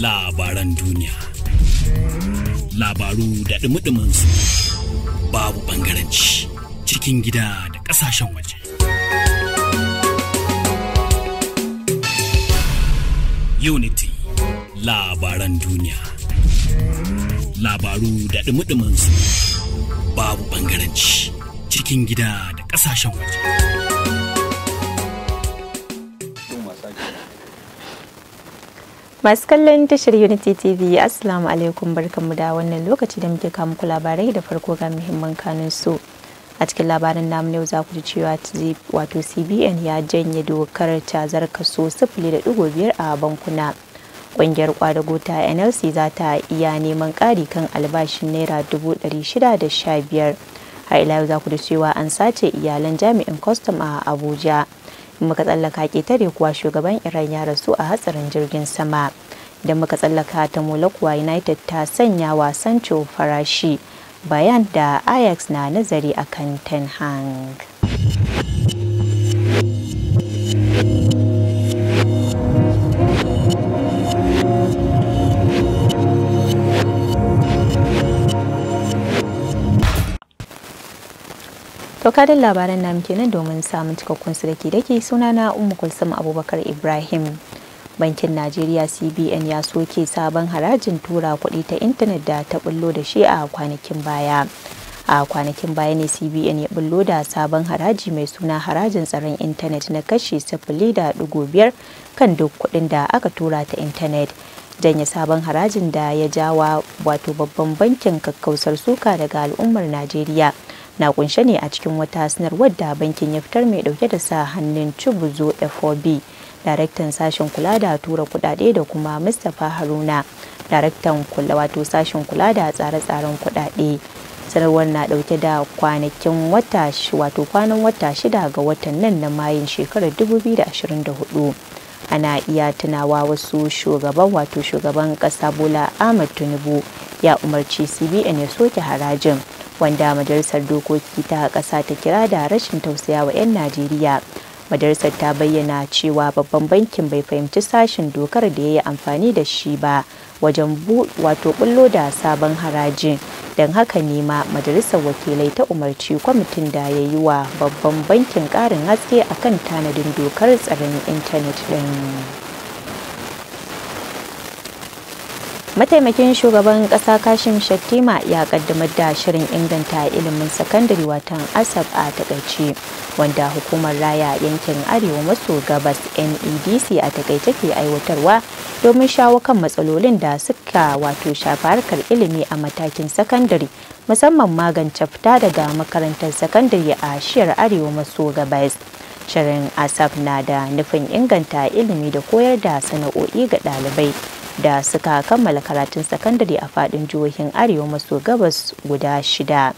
labaran duniya. Labaru da ɗumi babu ɓangaranci cikin gida da ƙasashen waje. Unity labaran duniya. Labaru da ɗumi babu ɓangaranci cikin gida da ƙasashen waje. masu kallon tashar unity tv assalamu alaikum barkanmu da wannan lokaci da muke kama ku labarai da farko ga muhimman kanun su a cikin labarin namu yau za ku ji cewa wato cbn ya janye dokar cazar kaso biyar a bankuna ƙungiyar kwadago ta nlc za ta iya neman ƙari kan albashin naira dubu 615 har ila yau za ku ji cewa an sace iyalan jami'in kwastam a abuja muka tsallaka ketare kuwa shugaban iran ya rasu a hatsarin jirgin sama da muka tsallaka ta kuwa united ta sanya wasan farashi bayan da ajax na nazari a ten hang To kadan labaran namu kenan domin samun cikakkun su dake suna na umu Kulsum Abubakar Ibrahim. Bankin Najeriya CBN ya soke sabon harajin tura kuɗi ta intanet da ta bullo da shi a kwanakin baya. a kwanakin baya ne cbn ya bullo da sabon haraji mai suna harajin tsaron intanet na kashi sifili da digo biyar kan duk kuɗin da aka tura ta intanet janye sabon harajin da ya jawa wato babban bankin kakkausar suka daga al'ummar najeriya na kunshe ne a cikin wata sanarwar da bankin ya fitar mai dauke da sa hannun cibuzo FOB, daraktan sashen kula da tura kudade da kuma Mustapha Haruna, daraktan kula wato sashen kula da tsare-tsaren kudade. sanarwar na dauke da kwanakin wata wato kwanan wata shida ga watan nan na mayin shekarar 2024 ana iya tunawa wasu shugaban wato shugaban kasa bola ahmad tinubu ya umarci cbn ya soke harajin wanda majalisar dokoki ta ƙasa ta kira da rashin tausaya wa 'yan najeriya majalisar ta bayyana cewa babban bankin bai fahimci sashin dokar da ya yi amfani da shi ba wajen wato bullo da sabon harajin don haka ne ma majalisar wakilai ta umarci kwamitin da ya yi wa babban bankin ƙarin haske akan tanadin dokar tsaron intanet ɗin. mataimakin shugaban kasa kashim shattima ya kaddamar da shirin inganta ilimin sakandare watan asab a takaice wanda hukumar raya yankin arewa maso gabas nedc a takaice ke aiwatarwa domin shawo kan matsalolin da suka wato shafa ilimi a matakin sakandare musamman magance fita daga makarantar sakandare a shiyar arewa maso gabas shirin asab na da nufin inganta ilimi da koyar da sana'o'i ga ɗalibai da suka kammala karatun sakandare a fadin jihohin arewa maso gabas guda shida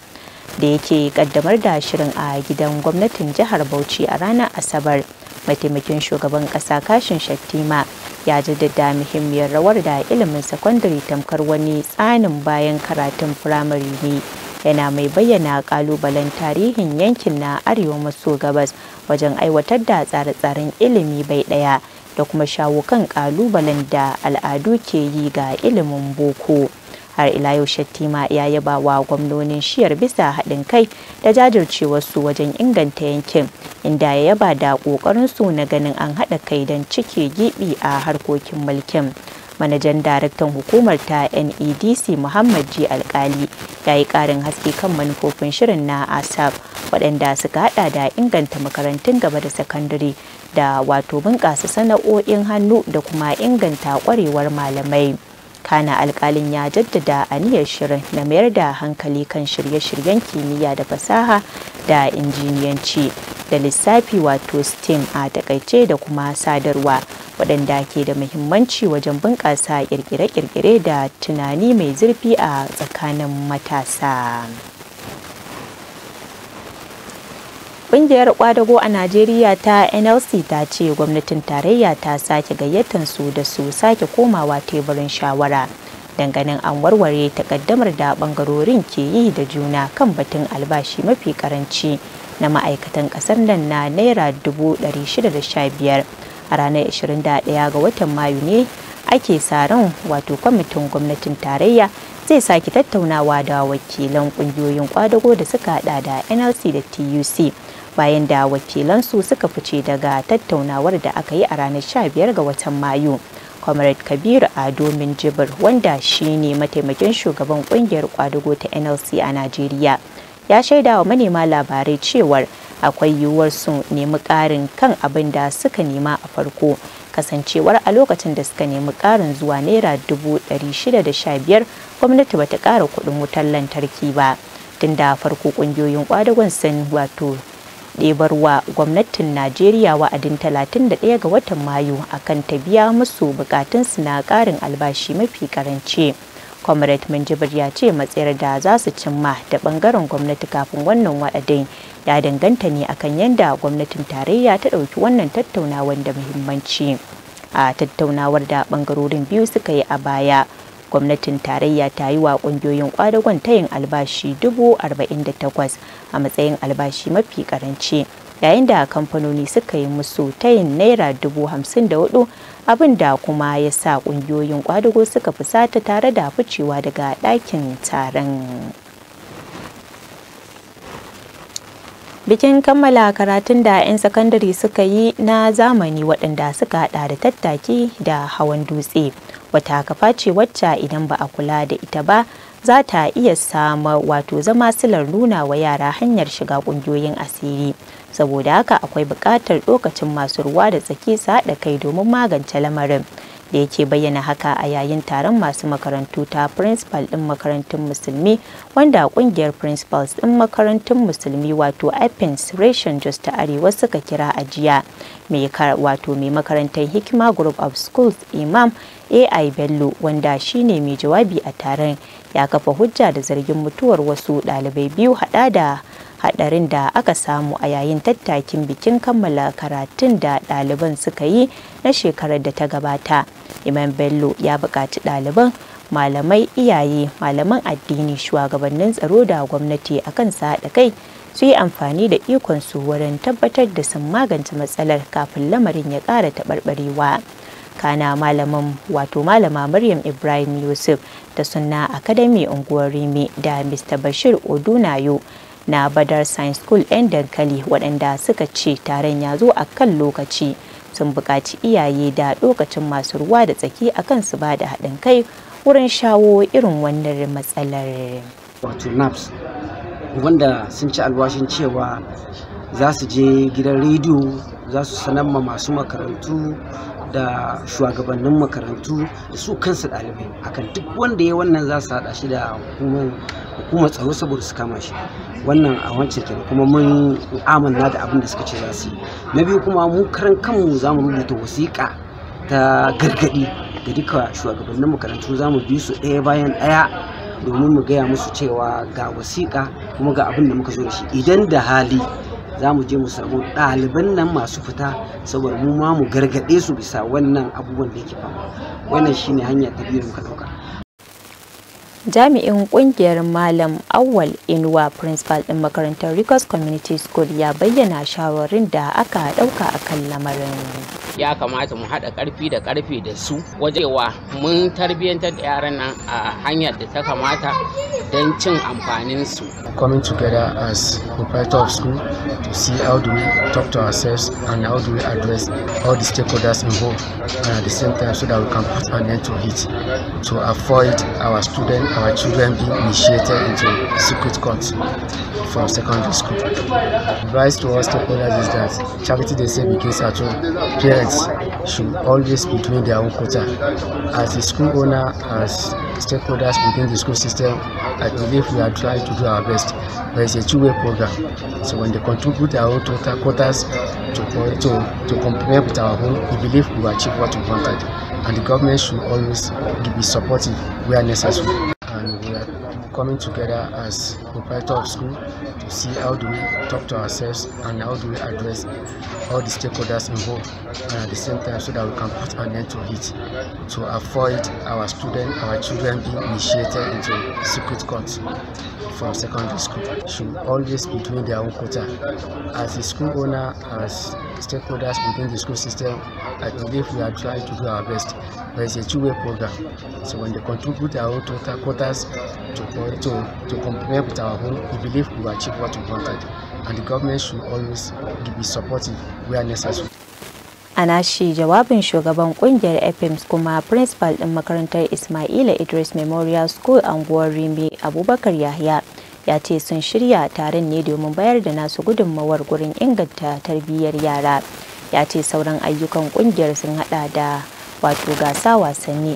da yake kaddamar da shirin a gidan gwamnatin jihar bauchi a ranar asabar mataimakin shugaban kasa kashin shattima ya jaddada muhimmiyar rawar da ilimin sakandare tamkar wani tsanin bayan karatun firamare ne yana mai bayyana kalubalen tarihin yankin na arewa maso gabas wajen aiwatar da tsare-tsaren ilimi bai daya da kuma shawo kan kalubalen da al'adu ke yi ga ilimin boko har ila yau shattima ya yaba wa gwamnonin shiyar bisa haɗin kai da wasu wajen inganta yankin inda ya yaba da su na ganin an haɗa kai don cike giɓi a harkokin mulkin manajan daraktan hukumar ta nedc muhammad ji alkali ya yi ƙarin haske kan manufofin shirin na asaf waɗanda suka haɗa da inganta makarantun gaba da sakandare da wato bunƙasa sana'o'in hannu da kuma inganta ƙwarewar malamai. kana alkalin ya jaddada aniyar shirin na mayar da hankali kan shirye-shiryen kimiyya da fasaha da injiniyanci da lissafi wato stem a takaice da kuma sadarwa waɗanda ke da muhimmanci wajen bunƙasa ƙirƙire-ƙirƙire da tunani mai zurfi a tsakanin matasa. Kungiyar kwadago a Najeriya ta NLC ta ce gwamnatin tarayya ta sake gayyatar su da su sake komawa teburin shawara. Danganin an warware takaddamar da bangarorin ke yi da juna kan batun albashi mafi karanci na ma'aikatan kasar nan na Naira 615 a ranar 21 ga watan Mayu ne ake sa ran wato kwamitin gwamnatin tarayya zai sake tattaunawa da wakilan kungiyoyin kwadago da suka hada da nlc da tuc bayan da wakilansu suka fice daga tattaunawar da aka yi a ranar 15 ga watan mayu comrade kabiru ado minjibir wanda shi ne mataimakin shugaban kungiyar kwadugo ta nlc a najeriya ya shaida wa manema labarai cewar akwai yiwuwar su nemi ƙarin kan abin da suka nema a farko kasancewar a lokacin da suka nemi ƙarin zuwa naira 615 gwamnati bata kara kuɗin wutar lantarki ba tun da farko ƙungiyoyin kwadagon sun wato ɗebarwa gwamnatin najeriya wa'adin 31 ga watan mayu akan ta biya musu bukatunsu na ƙarin albashi mafi karance comrade manjibir ya ce matsayar da za su cimma da ɓangaren gwamnati kafin wannan wa'adin ya danganta ne akan yadda gwamnatin tarayya ta ɗauki wannan tattaunawar da muhimmanci a tattaunawar da ɓangarorin biyu suka yi a baya gwamnatin tarayya ta yi wa kungiyoyin kwadagon tayin albashi 48,000 a matsayin albashi mafi karanci yayin da kamfanoni suka yi musu tayin naira dubu abin da kuma ya sa kungiyoyin kwadago suka fusata tare da ficewa daga dakin taron. bikin kammala karatun da 'yan sakandare suka yi na zamani waɗanda suka hada da tattaki da hawan dutse wata kafa ce wacce idan ba a kula da ita ba za ta iya sama wato zama silar nuna wa yara hanyar shiga kungiyoyin asiri saboda haka akwai bukatar lokacin masu ruwa da tsaki su da kai domin magance lamarin da yake bayyana haka a yayin taron masu makarantu ta principal ɗin makarantun musulmi wanda ƙungiyar principals ɗin makarantun musulmi wato ipins Ration jos ta arewa suka kira a jiya mai wato mai makarantar hikima group of schools imam ai bello wanda shine mai jawabi a taron ya kafa hujja da zargin mutuwar wasu dalibai biyu hada da hadarin da aka samu a yayin tattakin bikin kammala karatun da ɗaliban suka yi na shekarar da ta gabata imam bello ya bukaci ɗaliban malamai iyaye malaman addini shugabannin tsaro da gwamnati akan sa kai su yi amfani da ikonsu wurin tabbatar da sun magance matsalar kafin lamarin ya ƙara taɓarɓarewa. kana malamin wato malama maryam ibrahim yusuf da suna academy unguwar rimi da mr bashir odunayo na badar science school 'yan dankali waɗanda suka ce taron ya zo a kan lokaci sun buƙaci iyaye da lokacin masu ruwa da tsaki a kan su ba da haɗin kai wurin shawo irin wannan matsalar wato naps wanda sun ci alwashin cewa za su je gidan rediyo za su sanar ma masu makarantu da shugabannin makarantu da su kansu ɗalibai akan duk wanda ya wannan za su haɗa shi da hukumar tsaro saboda su kama shi wannan a wancan kenan kuma mun amanna da abin da suka ce za su yi na biyu kuma mu karan kanmu za mu rubuta wasiƙa ta gargaɗi ga duka shugabannin makarantu za mu bi su ɗaya bayan ɗaya domin mu gaya musu cewa ga wasiƙa kuma ga abin da muka zo da shi idan da hali za mu je mu samu ɗaliban nan masu fita saboda mu ma mu gargaɗe su bisa wannan abubuwan da yake faruwa wannan shine hanya ta biyu da muka ɗauka jami'in kungiyar malam awal inuwa principal ɗin makarantar ricos community school ya bayyana shawarin da aka ɗauka a kan lamarin ya kamata mu haɗa ƙarfi da ƙarfi da su wajewa mun tarbiyyantar da yaran nan a hanyar da ta kamata Coming together as proprietor of school to see how do we talk to ourselves and how do we address all the stakeholders involved and at the same time so that we can put an end to it to avoid our students, our children being initiated into secret courts from secondary school. The advice to all stakeholders is that charity they say begins at home. Parents, should always be doing their own quota. As a school owner, as stakeholders within the school system, I believe we are trying to do our best. But it's a two-way program. So when they contribute their own total quotas to, to, to compare with our own, we believe we will achieve what we wanted. And the government should always be supportive where necessary coming together as proprietor of school to see how do we talk to ourselves and how do we address all the stakeholders involved and at the same time so that we can put an end to it to avoid our students, our children being initiated into secret courts from secondary school should always be doing their own quota. As a school owner, as stakeholders within the school system, I believe we are trying to do our best. But it's a two-way program. So when they contribute their own quotas to for to to compare with our own we believe we achieve what we wanted and the government should always be supportive where necessary jawabin shugaban kungiyar fms kuma principal din makarantar ismaila idris memorial school anguwar rimi abubakar yahya ya ce sun shirya taron ne domin bayar da nasu gudunmawar gurin inganta tarbiyyar yara ya ce sauran ayyukan kungiyar sun hada da wato gasa wasanni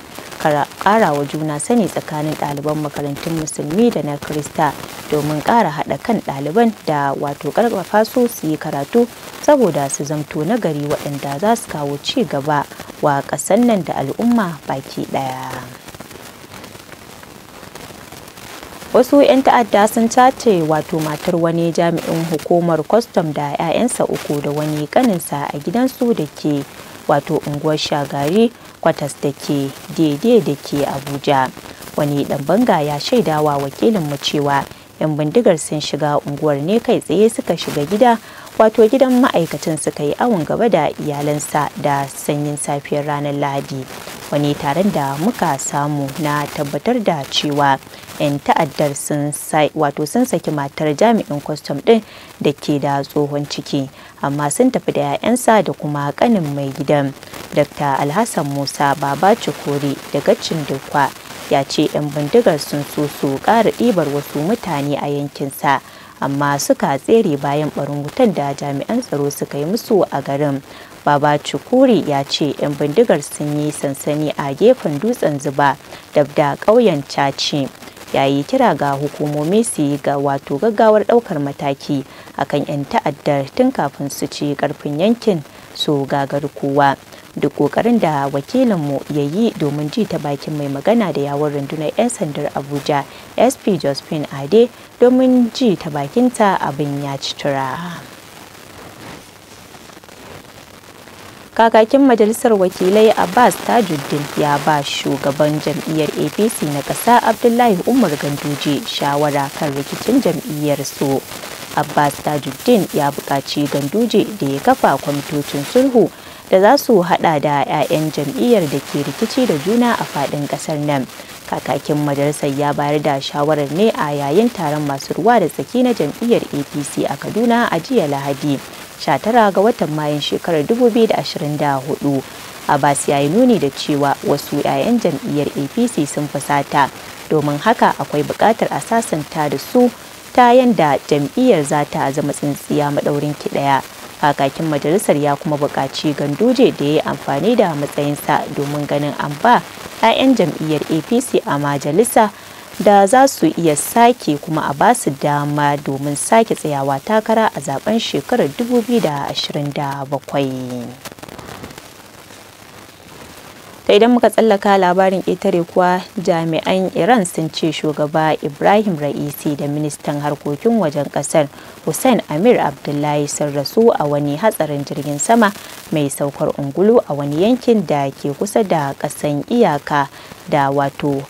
ƙara wa juna sani tsakanin ɗaliban makarantun musulmi da na krista domin ƙara haɗa kan ɗaliban da wato ƙarfafa su su yi karatu saboda su zamto na gari waɗanda za su kawo ci gaba wa ƙasan nan da al'umma baki ɗaya. wasu 'yan ta'adda sun cace wato matar wani jami'in hukumar kwastam da 'ya'yansa uku da wani kaninsa a gidansu da ke wato unguwar shagari kwatas da ke daidai da ke abuja wani dan banga ya shaidawa mu cewa 'yan bindigar sun shiga unguwar ne kai tsaye suka shiga gida wato gidan ma'aikatan suka yi awon gaba da iyalansa da sanyin safiyar ranar lahadi wani taron da muka samu na tabbatar da cewa 'yan ta'addar sun saki matar jami'in kwastam ɗin da ke da tsohon ciki amma sun tafi da 'ya'yansa da kuma kanin mai gidan dr alhassan musa baba cikori daga cindukwa ya ce 'yan bindigar sun so su kara ɗibar wasu mutane a yankinsa amma suka tsere bayan barin wutan da jami'an tsaro suka yi musu a garin baba Chukuri ya ce 'yan bindigar sun yi sansani a gefen dutsen zuba dabda ƙauyen caci ya yi kira ga hukumomi su yi ga wato gaggawar ɗaukar mataki akan 'yan ta'addar tun kafin su ci ƙarfin yankin su gagar kowa duk ƙoƙarin da wakilinmu ya yi domin ji ta bakin mai magana da yawon rundunar 'yan sandar abuja sp josephine ade domin ji ta bakinta abin ya ci tura. kakakin majalisar wakilai abbas tajuddin ya ba shugaban jam'iyyar apc na ƙasa abdullahi umar ganduje shawara kan rikicin jam'iyyar su abbas tajuddin ya buƙaci ganduje da ya kafa kwamitocin sulhu da za su hada da 'ya'yan jam'iyyar da ke rikici da juna a faɗin ƙasar nan kakakin majalisar ya bayar da shawarar ne a yayin taron masu ruwa da tsaki na jam'iyyar apc a kaduna a jiya lahadi 19 ga watan mayun shekarar 2024 abbas ya yi nuni da cewa wasu 'ya'yan jam'iyyar apc sun fusata domin haka akwai bukatar a sasanta da su ta yanda jam'iyyar za ta zama tsintsiya maɗaurin ki ɗaya kakakin majalisar ya kuma buƙaci ganduje da ya yi amfani da matsayinsa domin ganin an ba 'ya'yan jam'iyyar apc a majalisa da za su iya sake kuma a ba su dama domin sake tsayawa takara a zaben shekarar 2027 ta idan muka tsallaka labarin ƙetare kuwa jami'an iran sun ce shugaba ibrahim ra'isi da ministan harkokin wajen ƙasar hussein amir abdullahi sun rasu a wani hatsarin jirgin sama mai saukar ungulu a wani yankin da ke kusa da ƙasan iyaka da wato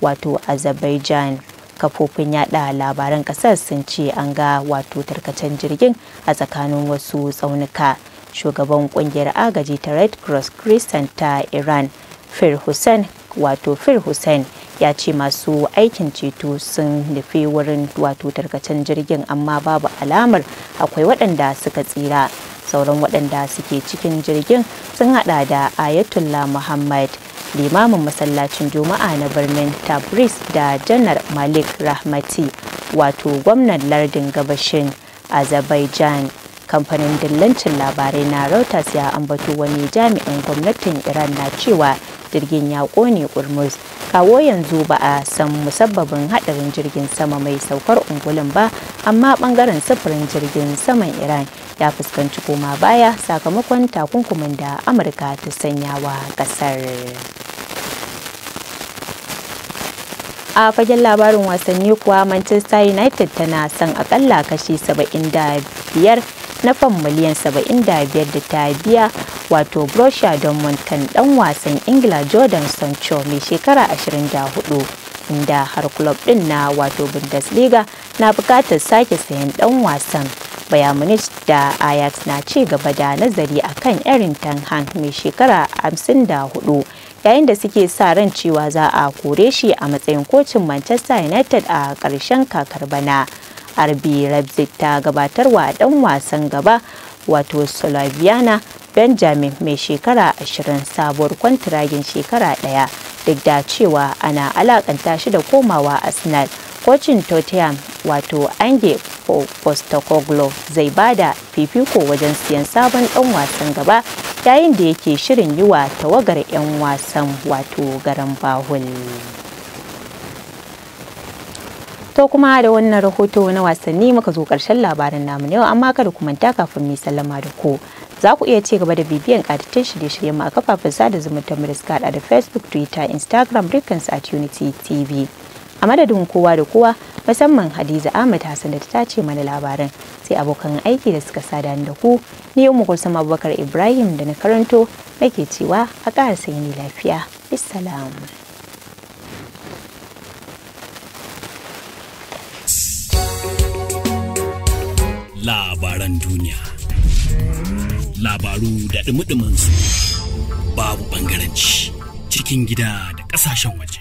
wato azerbaijan kafofin yada labaran kasar sun ce an ga wato tarkacen jirgin a tsakanin wasu tsaunuka shugaban kungiyar agaji ta red cross christian ta iran fir hussein wato fir hussein ya ce masu aikin ceto sun nufi wurin wato tarkacen jirgin amma babu alamar akwai waɗanda suka tsira sauran waɗanda suke cikin jirgin sun hada da ayatollah muhammad limamin masallacin juma'a na birnin tabriz da janar malik rahmati wato gwamnan lardin gabashin azerbaijan kamfanin dillancin labarai na rautas ya ambato wani jami'in gwamnatin iran na cewa jirgin ya kone urmus kawo yanzu ba a san musabbabin hadarin jirgin sama mai saukar ungulin ba amma bangaren sufurin jirgin saman iran ya fuskanci koma baya sakamakon takunkumin da amurka ta sanya wa kasar a fagen labarin wasanni kuwa manchester united tana son akalla kashi 75 na fan miliyan 75 da ta biya wato borussia dortmund kan dan wasan ingila jordan sancho mai shekara 24 inda har club din na wato bundesliga na bukatar sake sayan dan wasan Bayern Munich da ayat na ci gaba da nazari akan Erin Ten mai shekara 54 yayin da suke sa ran cewa za a kore shi a matsayin kocin Manchester United a ƙarshen kakar bana. RB Leipzig ta gabatarwa ɗan wasan gaba wato Slaviana Benjamin mai shekara 20 sabuwar kwantiragin shekara ɗaya duk da cewa ana alakanta shi da komawa Arsenal. Kocin Tottenham wato Ange Postecoglou zai bada fifiko wajen siyan sabon ɗan wasan gaba yayin da yake shirin yi wa tawagar 'yan wasan wato garin bahul to kuma da wannan rahoto na wasanni muka zo karshen labarin namu yau amma kada ku manta kafin mu sallama da ku za ku iya ci gaba da bibiyan da shirye-shiryen mu a kafafen sada zumunta mu da da facebook twitter instagram rikans at unity tv a madadin kowa da kowa musamman hadiza ahmed hassan da ta ce mana labarin sai abokan aiki da suka sada da ku ni umu kulsum abubakar ibrahim da na karanto nake cewa a ƙara sanyi lafiya bisalam labaran duniya labaru da dumi su babu ɓangaranci cikin gida da ƙasashen waje